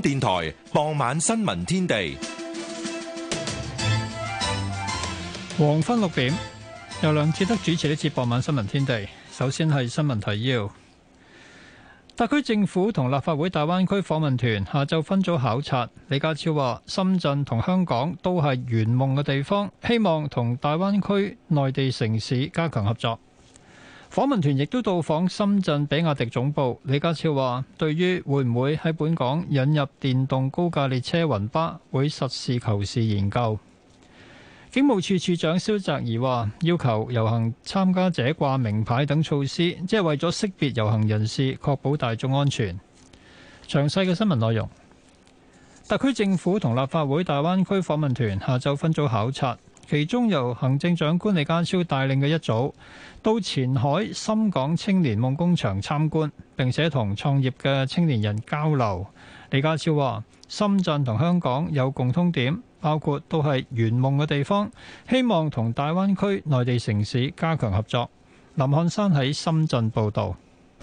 電台傍晚新聞天地，黃昏六點由梁志德主持呢次傍晚新聞天地。首先係新聞提要，特區政府同立法會大灣區訪問團下晝分組考察。李家超話，深圳同香港都係圓夢嘅地方，希望同大灣區內地城市加強合作。訪問團亦都到訪深圳比亞迪總部，李家超話：對於會唔會喺本港引入電動高架列車雲巴，會實事求是研究。警務處處長蕭澤頤話：要求遊行參加者掛名牌等措施，即係為咗識別遊行人士，確保大眾安全。詳細嘅新聞內容，特區政府同立法會大灣區訪問團下晝分組考察。其中由行政長官李家超帶領嘅一組到前海深港青年夢工場參觀，並且同創業嘅青年人交流。李家超話：深圳同香港有共通點，包括都係圓夢嘅地方，希望同大灣區內地城市加強合作。林漢山喺深圳報道。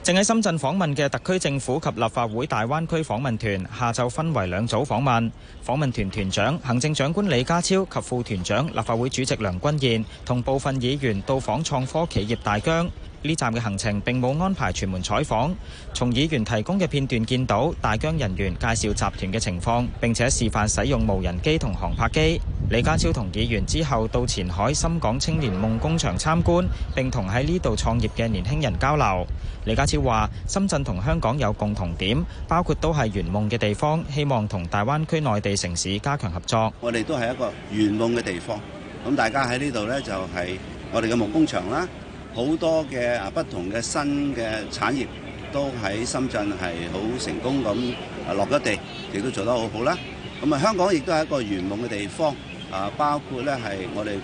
正喺深圳訪問嘅特區政府及立法會大灣區訪問團，下晝分為兩組訪問。訪問團團長行政長官李家超及副團長立法會主席梁君彥同部分議員到訪創科企業大疆。呢站嘅行程並冇安排全門採訪，從議員提供嘅片段見到，大疆人員介紹集團嘅情況，並且示範使用無人機同航拍機。李家超同議員之後到前海深港青年夢工場參觀，並同喺呢度創業嘅年輕人交流。李家超話深圳同香港有共同點，包括都係圓夢嘅地方，希望同大灣區內地城市加強合作。我哋都係一個圓夢嘅地方，咁大家喺呢度咧就係我哋嘅夢工場啦。好多嘅啊不同嘅新嘅產業都喺深圳係好成功咁啊落咗地，亦都做得好好啦。咁啊，香港亦都係一個圓夢嘅地方啊！包括咧係我哋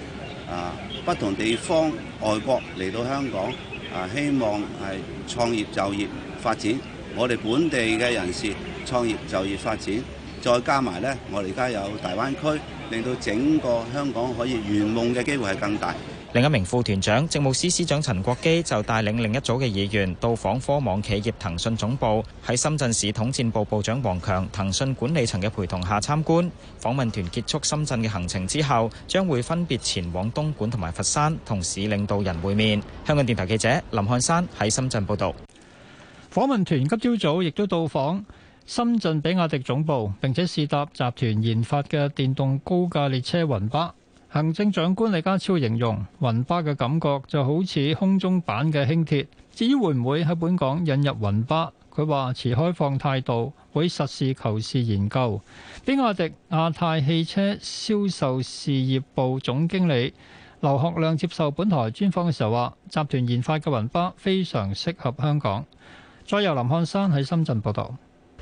啊不同地方外國嚟到香港啊，希望係創業、就業、發展。我哋本地嘅人士創業、就業、發展，再加埋咧，我哋而家有大灣區，令到整個香港可以圓夢嘅機會係更大。另一名副團長、政務司司長陳國基就帶領另一組嘅議員到訪科網企業騰訊總部，喺深圳市統戰部部長王強、騰訊管理層嘅陪同下參觀。訪問團結束深圳嘅行程之後，將會分別前往東莞同埋佛山同市領導人會面。香港電台記者林漢山喺深圳報道。訪問團今朝早亦都到訪深圳比亞迪總部，並且試搭集團研發嘅電動高架列車雲巴。行政長官李家超形容雲巴嘅感覺就好似空中版嘅輕鐵。至於會唔會喺本港引入雲巴，佢話持開放態度，會實事求是研究。比亞迪亞太汽車銷售事業部總經理劉學亮接受本台專訪嘅時候話，集團研發嘅雲巴非常適合香港。再由林漢山喺深圳報道。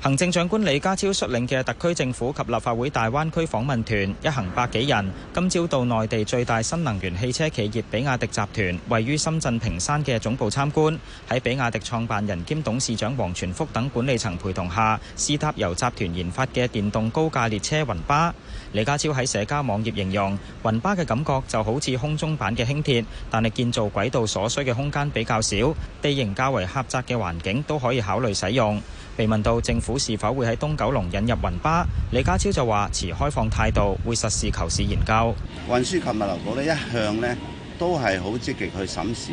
行政長官李家超率領嘅特區政府及立法會大灣區訪問團一行百幾人，今朝到內地最大新能源汽車企業比亞迪集團位於深圳坪山嘅總部參觀，喺比亞迪創辦人兼董事長王傳福等管理層陪同下，試搭由集團研發嘅電動高架列車雲巴。李家超喺社交網頁形容雲巴嘅感覺就好似空中版嘅輕鐵，但係建造軌道所需嘅空間比較少，地形較為狹窄嘅環境都可以考慮使用。被問到政府是否會喺東九龍引入雲巴，李家超就話持開放態度，會實事求是研究。運輸及物流局呢一向呢都係好積極去審視，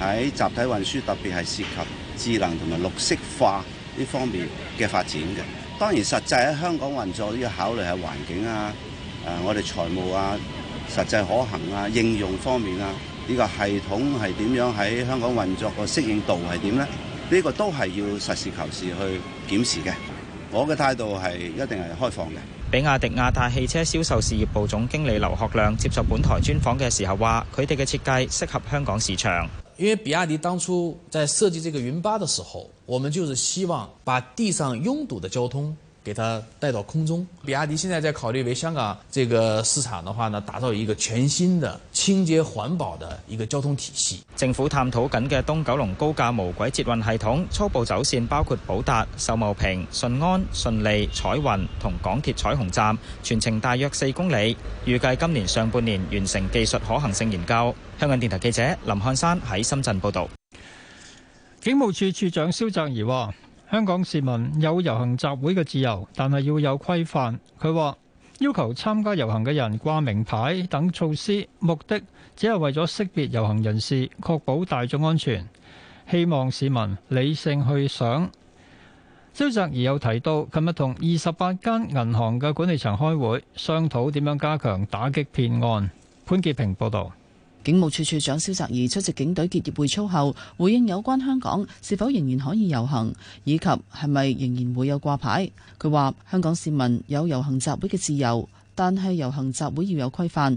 喺集體運輸特別係涉及智能同埋綠色化呢方面嘅發展嘅。當然，實際喺香港運作都要考慮下環境啊，誒，我哋財務啊，實際可行啊，應用方面啊，呢個系統係點樣喺香港運作個適應度係點呢？呢個都係要實事求是去檢視嘅。我嘅態度係一定係開放嘅。比亞迪亞太汽車銷售事業部總經理劉學亮接受本台專訪嘅時候話，佢哋嘅設計適合香港市場。因為比亞迪當初在設計這個雲巴的時候，我們就是希望把地上擁堵的交通，給它帶到空中。比亞迪現在在考慮為香港這個市場的話呢，打造一個全新的清潔環保的一個交通體系。政府探討緊嘅東九龍高架無軌捷運系統，初步走線，包括寶達、秀茂坪、順安、順利、彩雲同港鐵彩虹站，全程大約四公里，預計今年上半年完成技術可行性研究。香港電台記者林漢山喺深圳報道。警務處處長蕭澤頤。香港市民有遊行集會嘅自由，但係要有規範。佢話要求參加遊行嘅人掛名牌等措施，目的只係為咗識別遊行人士，確保大眾安全。希望市民理性去想。蕭澤頤又提到，琴日同二十八間銀行嘅管理層開會，商討點樣加強打擊騙案。潘潔平報導。警務處處長蕭澤頤出席警隊結業會操後，回應有關香港是否仍然可以遊行，以及係咪仍然會有掛牌。佢話：香港市民有遊行集會嘅自由。但係遊行集會要有規範，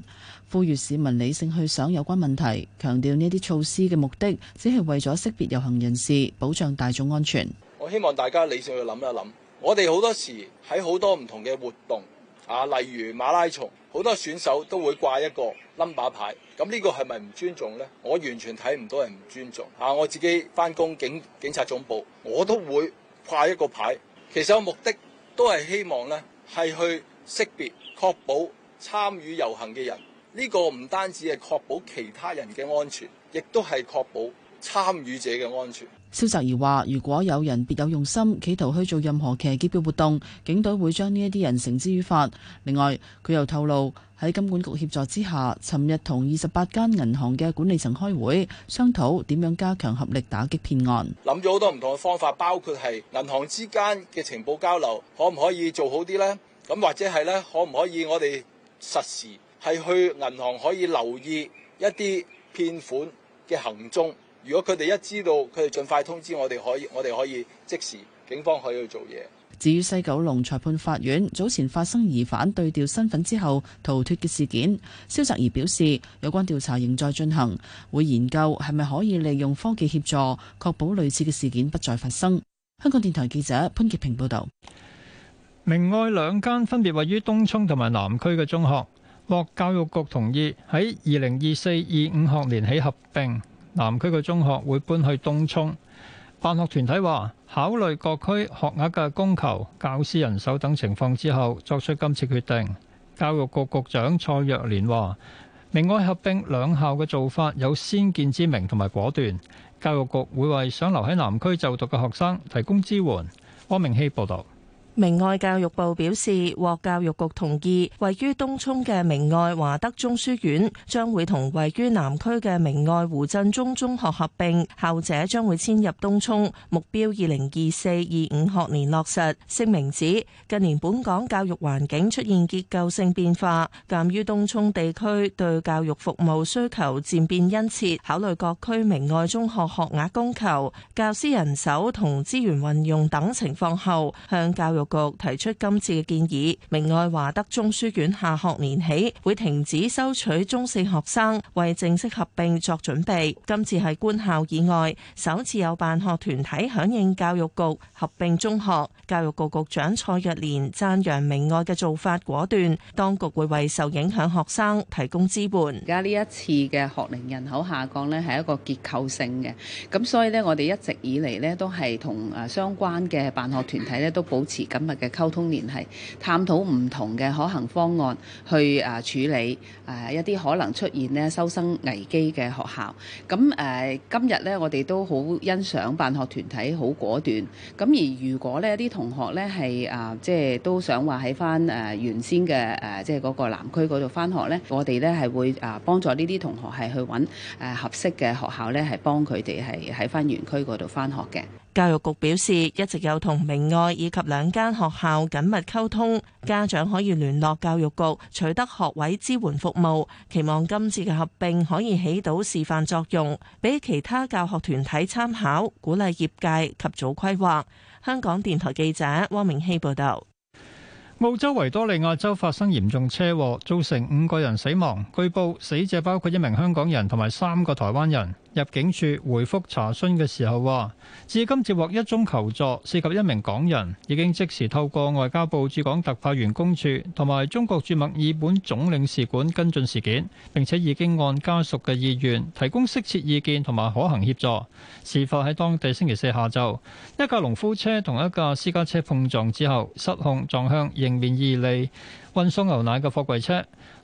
呼籲市民理性去想有關問題，強調呢啲措施嘅目的只係為咗識別遊行人士，保障大眾安全。我希望大家理性去諗一諗，我哋好多時喺好多唔同嘅活動啊，例如馬拉松，好多選手都會掛一個 number 牌。咁呢個係咪唔尊重呢？我完全睇唔到係唔尊重。我自己翻工警警察總部，我都會掛一個牌。其實我目的都係希望呢，係去識別，確保參與遊行嘅人。呢、呢個唔單止係確保其他人嘅安全，亦都係確保參與者嘅安全。蕭澤頤話：如果有人別有用心，企圖去做任何騎劫嘅活動，警隊會將呢一啲人繩之於法。另外，佢又透露喺金管局協助之下，尋日同二十八間銀行嘅管理層開會，商討點樣加強合力打擊騙案。諗咗好多唔同嘅方法，包括係銀行之間嘅情報交流，可唔可以做好啲咧？咁或者係咧，可唔可以我哋實時係去銀行可以留意一啲騙款嘅行蹤？如果佢哋一知道，佢哋盡快通知我哋，可以我哋可以即時警方可以去做嘢。至於西九龍裁判法院早前發生疑犯對調身份之後逃脱嘅事件，蕭澤怡表示，有關調查仍在進行，會研究係咪可以利用科技協助確保類似嘅事件不再發生。香港電台記者潘潔平報道。明愛兩間分別位於東涌同埋南區嘅中學獲教育局同意喺二零二四二五學年起合併。南區嘅中學會搬去東涌，辦學團體話考慮各區學額嘅供求、教師人手等情況之後，作出今次決定。教育局局長蔡若蓮話：明愛合併兩校嘅做法有先見之明同埋果斷。教育局會為想留喺南區就讀嘅學生提供支援。安明希報道。明愛教育部表示獲教育局同意，位於東涌嘅明愛華德中書院將會同位於南區嘅明愛胡振中中學合併，後者將會遷入東涌，目標二零二四二五學年落實。聲明指近年本港教育環境出現結構性變化，鑒於東涌地區對教育服務需求漸變殷切，考慮各區明愛中學學額供求、教師人手同資源運用等情況後，向教育教育局提出今次嘅建議，明愛華德中書院下學年起會停止收取中四學生，為正式合併作準備。今次係官校以外首次有辦學團體響應教育局合併中學。教育局局長蔡若蓮讚揚明愛嘅做法果斷，當局會為受影響學生提供支援。而家呢一次嘅學齡人口下降咧，係一個結構性嘅，咁所以咧，我哋一直以嚟咧都係同誒相關嘅辦學團體咧都保持。今日嘅溝通聯繫，探討唔同嘅可行方案去誒處理誒一啲可能出現呢收生危機嘅學校。咁誒今日呢，我哋都好欣賞辦學團體好果斷。咁而如果呢啲同學呢，係誒即係都想話喺返誒原先嘅誒即係嗰個南區嗰度返學呢，我哋呢係會誒幫助呢啲同學係去揾誒合適嘅學校呢，係幫佢哋係喺返原區嗰度返學嘅。教育局表示，一直有同明愛以及兩間學校緊密溝通，家長可以聯絡教育局取得學位支援服務。期望今次嘅合併可以起到示範作用，俾其他教學團體參考，鼓勵業界及早規劃。香港電台記者汪明希報道。澳洲維多利亞州發生嚴重車禍，造成五個人死亡，據報死者包括一名香港人同埋三個台灣人。入境處回覆查詢嘅時候話，至今接獲一宗求助，涉及一名港人，已經即時透過外交部駐港特派員公署同埋中國駐墨爾本總領事館跟進事件，並且已經按家屬嘅意願提供適切意見同埋可行協助。事發喺當地星期四下晝，一架農夫車同一架私家車碰撞之後失控撞向迎面而嚟運送牛奶嘅貨櫃車，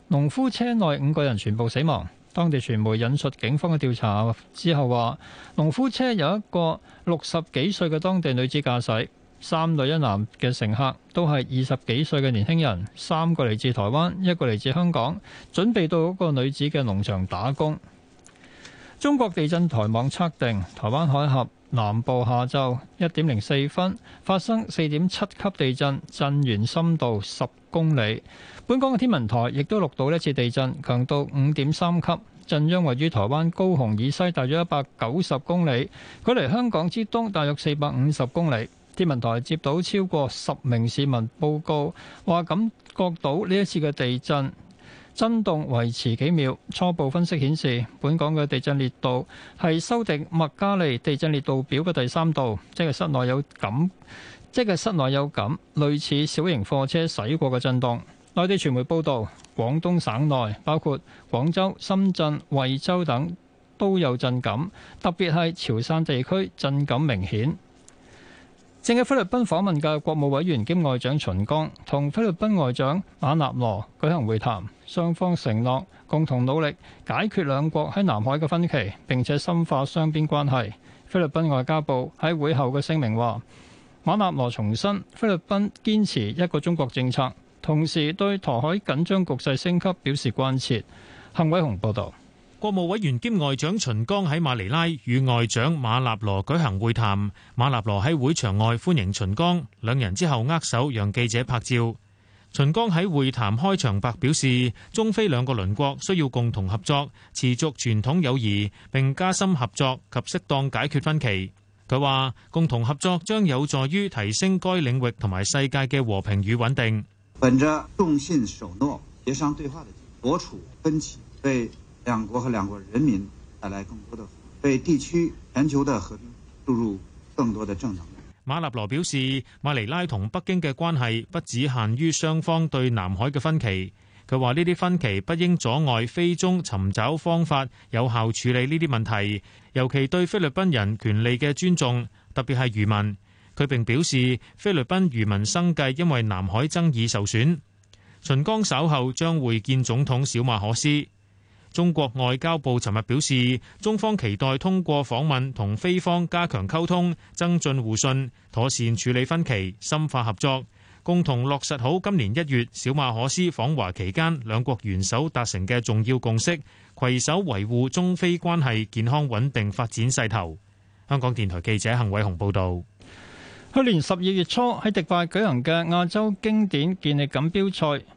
農夫車內五個人全部死亡。當地傳媒引述警方嘅調查之後話，農夫車有一個六十幾歲嘅當地女子駕駛，三女一男嘅乘客都係二十幾歲嘅年輕人，三個嚟自台灣，一個嚟自香港，準備到嗰個女子嘅農場打工。中國地震台網測定，台灣海峽南部下晝一點零四分發生四點七級地震，震源深度十公里。本港嘅天文台亦都錄到一次地震，強度五點三級，震央位於台灣高雄以西大約一百九十公里，距離香港之東大約四百五十公里。天文台接到超過十名市民報告，話感覺到呢一次嘅地震。震動維持幾秒，初步分析顯示，本港嘅地震烈度係修訂麥加利地震烈度表嘅第三度，即係室內有感，即係室內有感，類似小型貨車駛過嘅震動。內地傳媒報道，廣東省內包括廣州、深圳、惠州等都有震感，特別係潮汕地區震感明顯。正喺菲律賓訪問嘅國務委員兼外長秦剛同菲律賓外長馬納羅舉行會談。雙方承諾共同努力解決兩國喺南海嘅分歧，並且深化雙邊關係。菲律賓外交部喺會後嘅聲明話，馬納羅重申菲律賓堅持一個中國政策，同時對台海緊張局勢升級表示關切。幸偉雄報導。國務委員兼外長秦剛喺馬尼拉與外長馬納羅舉行會談。馬納羅喺會場外歡迎秦剛，兩人之後握手，讓記者拍照。秦剛喺會談開場白表示，中非兩個鄰國需要共同合作，持續傳統友誼，並加深合作及適當解決分歧。佢話：共同合作將有助於提升該領域同埋世界嘅和平與穩定。本着重信守諾、協商對話的基礎，妥處分歧，為兩國和兩國人民帶來更多的福祉，為地區、全球的和平注入更多的正能量。馬立羅表示，馬尼拉同北京嘅關係不只限於雙方對南海嘅分歧。佢話呢啲分歧不應阻礙菲中尋找方法有效處理呢啲問題，尤其對菲律賓人權利嘅尊重，特別係漁民。佢並表示，菲律賓漁民生計因為南海爭議受損。秦剛稍後將會見總統小馬可斯。中國外交部尋日表示，中方期待通過訪問同菲方加強溝通，增進互信，妥善處理分歧，深化合作，共同落實好今年一月小馬可斯訪華期間兩國元首達成嘅重要共識，攜手維護中菲關係健康穩定發展勢頭。香港電台記者幸偉雄報導。去年十二月初喺迪拜舉行嘅亞洲經典健力錦標賽。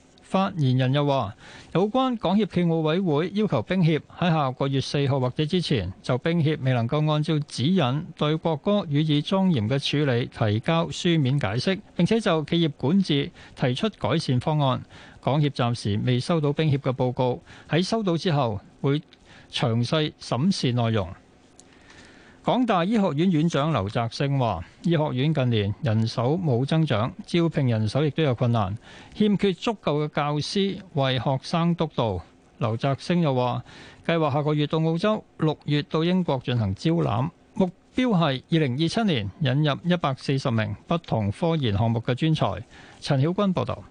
發言人又話：有關港協暨奧委會要求冰協喺下個月四號或者之前，就冰協未能夠按照指引對國歌予以莊嚴嘅處理，提交書面解釋，並且就企業管治提出改善方案。港協暫時未收到冰協嘅報告，喺收到之後會詳細審視內容。港大醫學院院長劉澤星話，醫學院近年人手冇增長，招聘人手亦都有困難，欠缺足夠嘅教師為學生督導，劉澤星又話計劃下個月到澳洲，六月到英國進行招攬目標係二零二七年引入一百四十名不同科研項目嘅專才。陳曉君報道。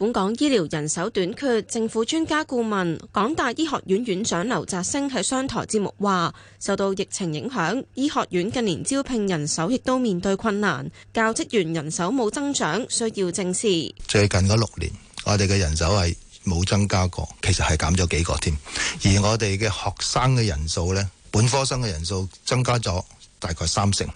本港醫療人手短缺，政府專家顧問港大醫學院院長劉澤星喺商台節目話：受到疫情影響，醫學院近年招聘人手亦都面對困難，教職員人手冇增長，需要正視。最近嗰六年，我哋嘅人手係冇增加過，其實係減咗幾個添。而我哋嘅學生嘅人數呢，本科生嘅人數增加咗大概三成，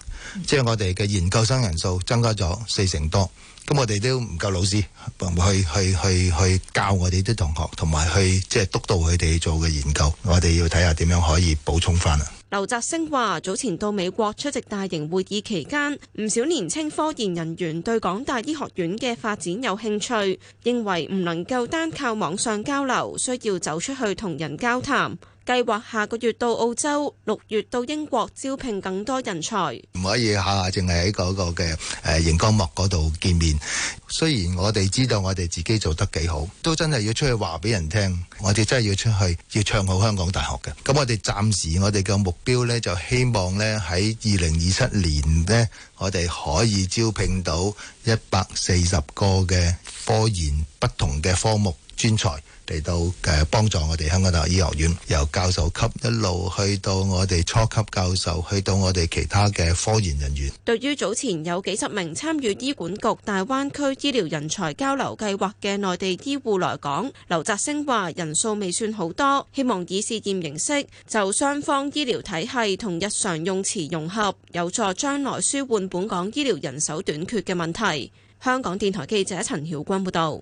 即係我哋嘅研究生人數增加咗四成多。咁、嗯、我哋都唔夠老師去去去去教我哋啲同學，同埋去即係督導佢哋做嘅研究。我哋要睇下點樣可以補充翻啊？劉澤星話：早前到美國出席大型會議期間，唔少年青科研人員對港大醫學院嘅發展有興趣，認為唔能夠單靠網上交流，需要走出去同人交談。計劃下個月到澳洲，六月到英國招聘更多人才。唔可以下下淨係喺嗰個嘅誒熒光幕嗰度見面。雖然我哋知道我哋自己做得幾好，都真係要出去話俾人聽。我哋真係要出去，要唱好香港大學嘅。咁我哋暫時我哋嘅目標呢，就希望呢喺二零二七年呢，我哋可以招聘到一百四十個嘅科研不同嘅科目專才。嚟到誒幫助我哋香港大學醫學院，由教授級一路去到我哋初級教授，去到我哋其他嘅科研人員。對於早前有幾十名參與醫管局大灣區醫療人才交流計劃嘅內地醫護來講，劉澤星話人數未算好多，希望以試驗形式就雙方醫療體系同日常用詞融合，有助將來舒緩本港醫療人手短缺嘅問題。香港電台記者陳曉君報道。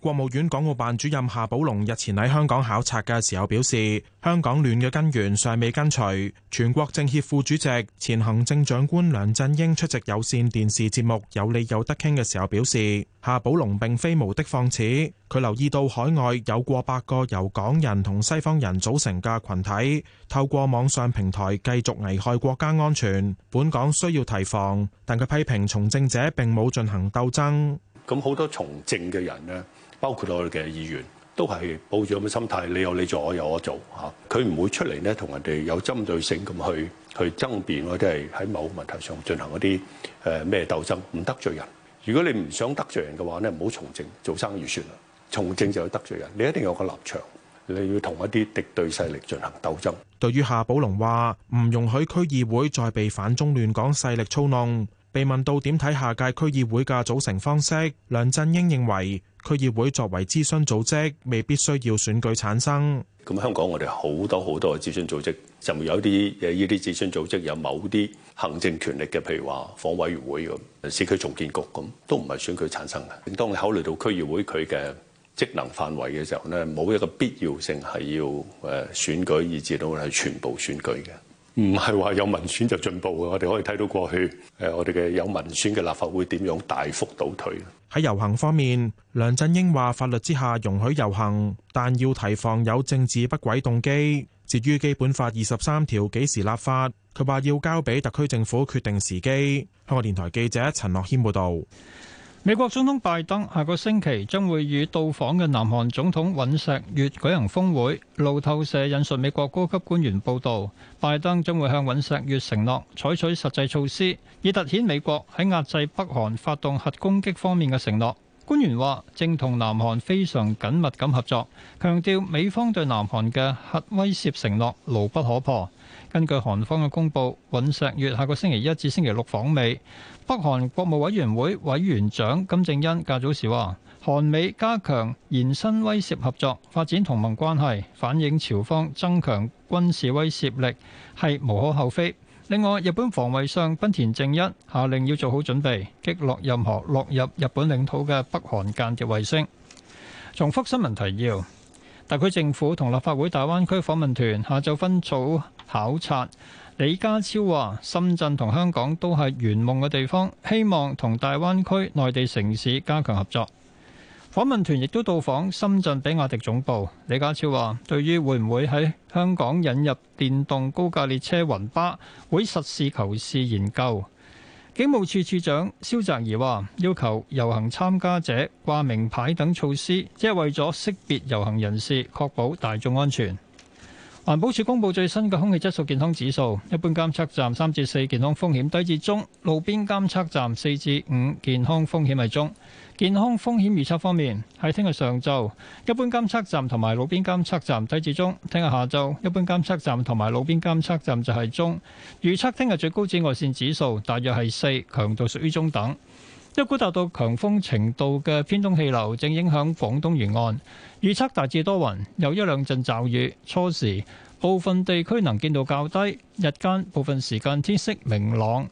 國務院港澳辦主任夏寶龍日前喺香港考察嘅時候表示，香港亂嘅根源尚未根除。全國政協副主席、前行政長官梁振英出席有線電視節目有理有得傾嘅時候表示，夏寶龍並非無的放矢。佢留意到海外有過百個由港人同西方人組成嘅群體，透過網上平台繼續危害國家安全。本港需要提防，但佢批評從政者並冇進行鬥爭。咁好多從政嘅人呢。包括我哋嘅議員都係抱住咁嘅心態，你有你做，我有我做吓。佢唔會出嚟呢，同人哋有針對性咁去去爭辯或者係喺某個問題上進行一啲誒咩鬥爭，唔得罪人。如果你唔想得罪人嘅話呢，唔好從政，做生意算啦。從政就要得罪人，你一定有個立場，你要同一啲敵對勢力進行鬥爭。對於夏寶龍話唔容許區議會再被反中亂港勢力操弄，被問到點睇下屆區議會嘅組成方式，梁振英認為。區議會作為諮詢組織，未必需要選舉產生。咁香港我哋好多好多嘅諮詢組織，就有啲誒，呢啲諮詢組織有某啲行政權力嘅，譬如話房委員會咁、市區重建局咁，都唔係選舉產生嘅。當你考慮到區議會佢嘅職能範圍嘅時候咧，冇一個必要性係要誒選舉，以至到係全部選舉嘅。唔係話有民選就進步嘅，我哋可以睇到過去誒我哋嘅有民選嘅立法會點樣大幅倒退。喺遊行方面，梁振英話法律之下容許遊行，但要提防有政治不軌動機。至於基本法二十三條幾時立法，佢話要交俾特區政府決定時機。香港電台記者陳樂軒報導。美國總統拜登下個星期將會與到訪嘅南韓總統尹錫悅舉行峰會。路透社引述美國高級官員報道，拜登將會向尹錫悅承諾採取實際措施，以凸顯美國喺壓制北韓發動核攻擊方面嘅承諾。官員話，正同南韓非常緊密咁合作，強調美方對南韓嘅核威懾承諾牢不可破。根據韓方嘅公佈，尹錫悅下個星期一至星期六訪美。北韓國務委員會委員長金正恩較早時話：韓美加強延伸威懾合作，發展同盟關係，反映朝方增強軍事威懾力，係無可厚非。另外，日本防衛相賓田正一下令要做好準備，擊落任何落入日本領土嘅北韓間諜衛星。重複新聞提要。特區政府同立法會大灣區訪問團下晝分組考察。李家超話：深圳同香港都係圓夢嘅地方，希望同大灣區內地城市加強合作。訪問團亦都到訪深圳比亞迪總部。李家超話：對於會唔會喺香港引入電動高架列車、雲巴，會實事求是研究。警務處處長蕭澤頤話，要求遊行參加者掛名牌等措施，只係為咗識別遊行人士，確保大眾安全。環保署公布最新嘅空氣質素健康指數，一般監測站三至四，健康風險低至中，路邊監測站四至五，健康風險係中。健康風險預測方面，喺聽日上晝，一般監測站同埋路邊監測站低至中；聽日下晝，一般監測站同埋路邊監測站就係中。預測聽日最高紫外線指數大約係四，強度屬於中等。一股達到強風程度嘅偏東氣流正影響廣東沿岸，預測大致多雲，有一兩陣驟雨。初時部分地區能見度較低，日間部分時間天色明朗。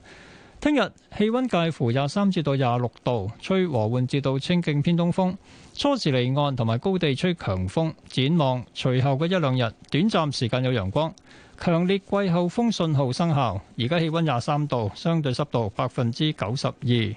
聽日氣温介乎廿三至到廿六度，吹和緩至到清勁偏東風。初時離岸同埋高地吹強風，展望隨後嘅一兩日，短暫時間有陽光。強烈季候風信號生效，而家氣温廿三度，相對濕度百分之九十二。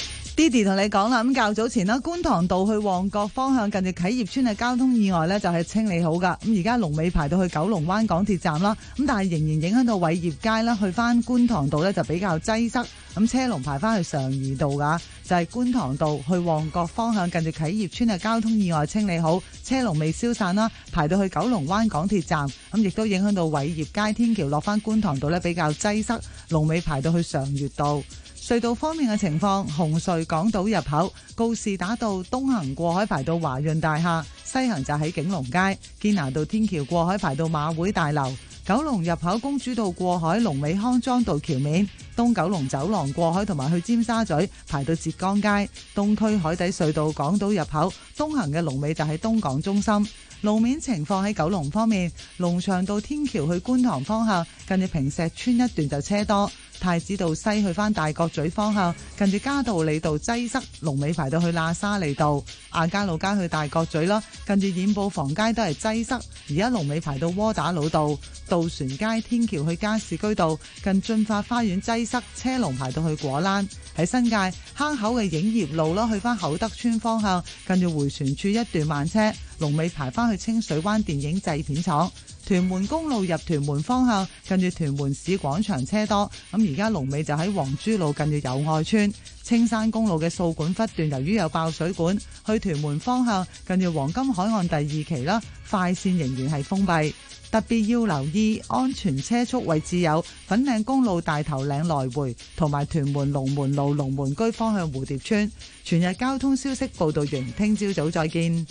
Didi 同你講啦，咁較早前啦，觀塘道去旺角方向近住啟業村嘅交通意外咧，就係清理好噶。咁而家龍尾排到去九龍灣港鐵站啦，咁但係仍然影響到偉業街啦，去翻觀塘道咧就比較擠塞，咁車龍排翻去常怡道噶，就係、是、觀塘道去旺角方向近住啟業村嘅交通意外清理好，車龍未消散啦，排到去九龍灣港鐵站，咁亦都影響到偉業街天橋落翻觀塘道咧，比較擠塞，龍尾排到去常悅道。隧道方面嘅情況，紅隧港島入口告士打道東行過海排到華潤大廈，西行就喺景隆街堅拿道天橋過海排到馬會大樓；九龍入口公主道過海龍尾康莊道橋面，東九龍走廊過海同埋去尖沙咀排到浙江街；東區海底隧道港島入口東行嘅龍尾就喺東港中心。路面情況喺九龍方面，龍翔道天橋去觀塘方向，近住坪石邨一段就車多；太子道西去返大角咀方向，近住嘉道理道擠塞，龍尾排到去喇沙利道亞皆老街去大角咀咯。近住染布房街都係擠塞，而家龍尾排到窩打老道、渡船街天橋去加士居道近駿發花園擠塞，車龍排到去果欄。喺新界坑口嘅影業路啦，去返厚德村方向，跟住回旋處一段慢車。龍尾排返去清水灣電影製片廠。屯門公路入屯門方向，跟住屯門市廣場車多。咁而家龍尾就喺皇珠路，跟住友愛村。青山公路嘅掃管笏段，由於有爆水管，去屯門方向，跟住黃金海岸第二期啦，快線仍然係封閉。特別要留意安全車速位置有粉嶺公路大頭嶺來回同埋屯門龍門路龍門居方向蝴蝶村。全日交通消息報道完，聽朝早再見。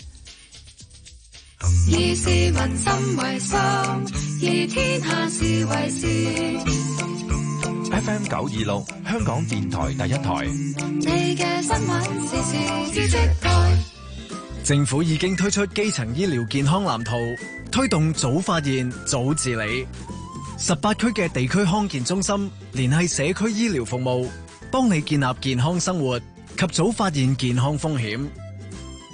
以市民心為心，以天下事為事。FM 九二六，香港電台第一台。你嘅新聞時事知識台。政府已經推出基層醫療健康藍圖，推動早發現、早治理。十八區嘅地區康健中心聯繫社區醫療服務，幫你建立健康生活及早發現健康風險。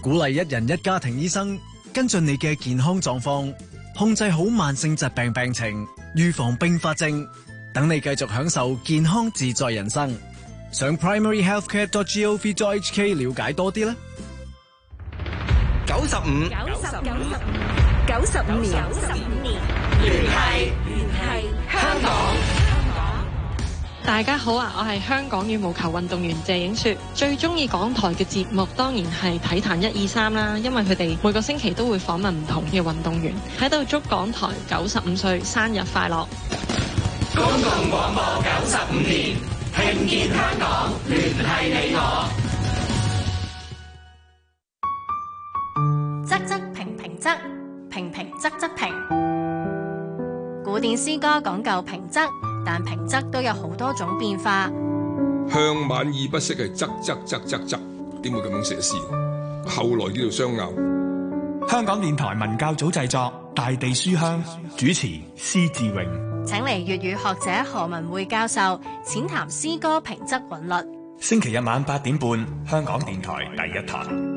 鼓勵一人一家庭醫生跟進你嘅健康狀況，控制好慢性疾病病情，預防併發症，等你繼續享受健康自在人生。上 primaryhealthcare.gov.hk 了解多啲啦。九十五，九十五，九十五年，聯繫聯繫香港。香港大家好啊，我係香港羽毛球運動員謝影雪，最中意港台嘅節目當然係《體壇一二三》啦，因為佢哋每個星期都會訪問唔同嘅運動員，喺度祝港台九十五歲生日快樂！公共廣播九十五年，聽見香港，聯繫你我。仄平平仄仄平，古典詩歌講究平仄，但平仄都有好多種變化。向晚意不適，嘅「仄仄仄仄仄」，點會咁樣寫詩？後來叫做雙拗。香港電台文教組製作《大地書香》，主持施志榮，請嚟粵語學者何文匯教授淺談詩歌平仄韻律。星期日晚八點半，香港電台第一台。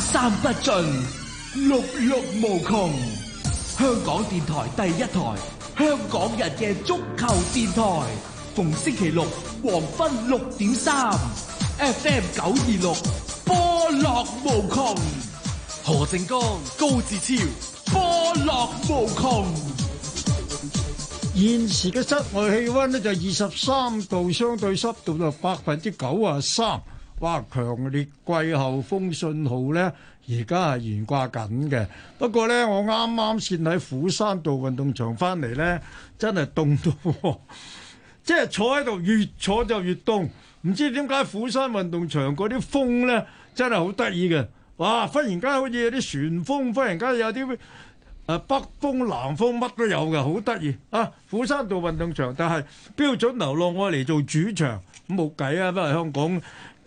三不盡，六六無窮。香港電台第一台，香港人嘅足球電台。逢星期六黃昏六點三，FM 九二六，波樂無窮。何正剛、高志超，波樂無窮。現時嘅室外氣温就二十三度，相對濕度就百分之九啊三。哇！強烈季候風信號咧，而家係懸掛緊嘅。不過咧，我啱啱先喺斧山道運動場翻嚟咧，真係凍到，哇即係坐喺度越坐就越凍。唔知點解，斧山運動場嗰啲風咧真係好得意嘅。哇！忽然間好似有啲旋風，忽然間有啲誒北風、南風，乜都有嘅，好得意啊！斧山道運動場，但係標準流浪我嚟做主場咁冇計啊，不過香港。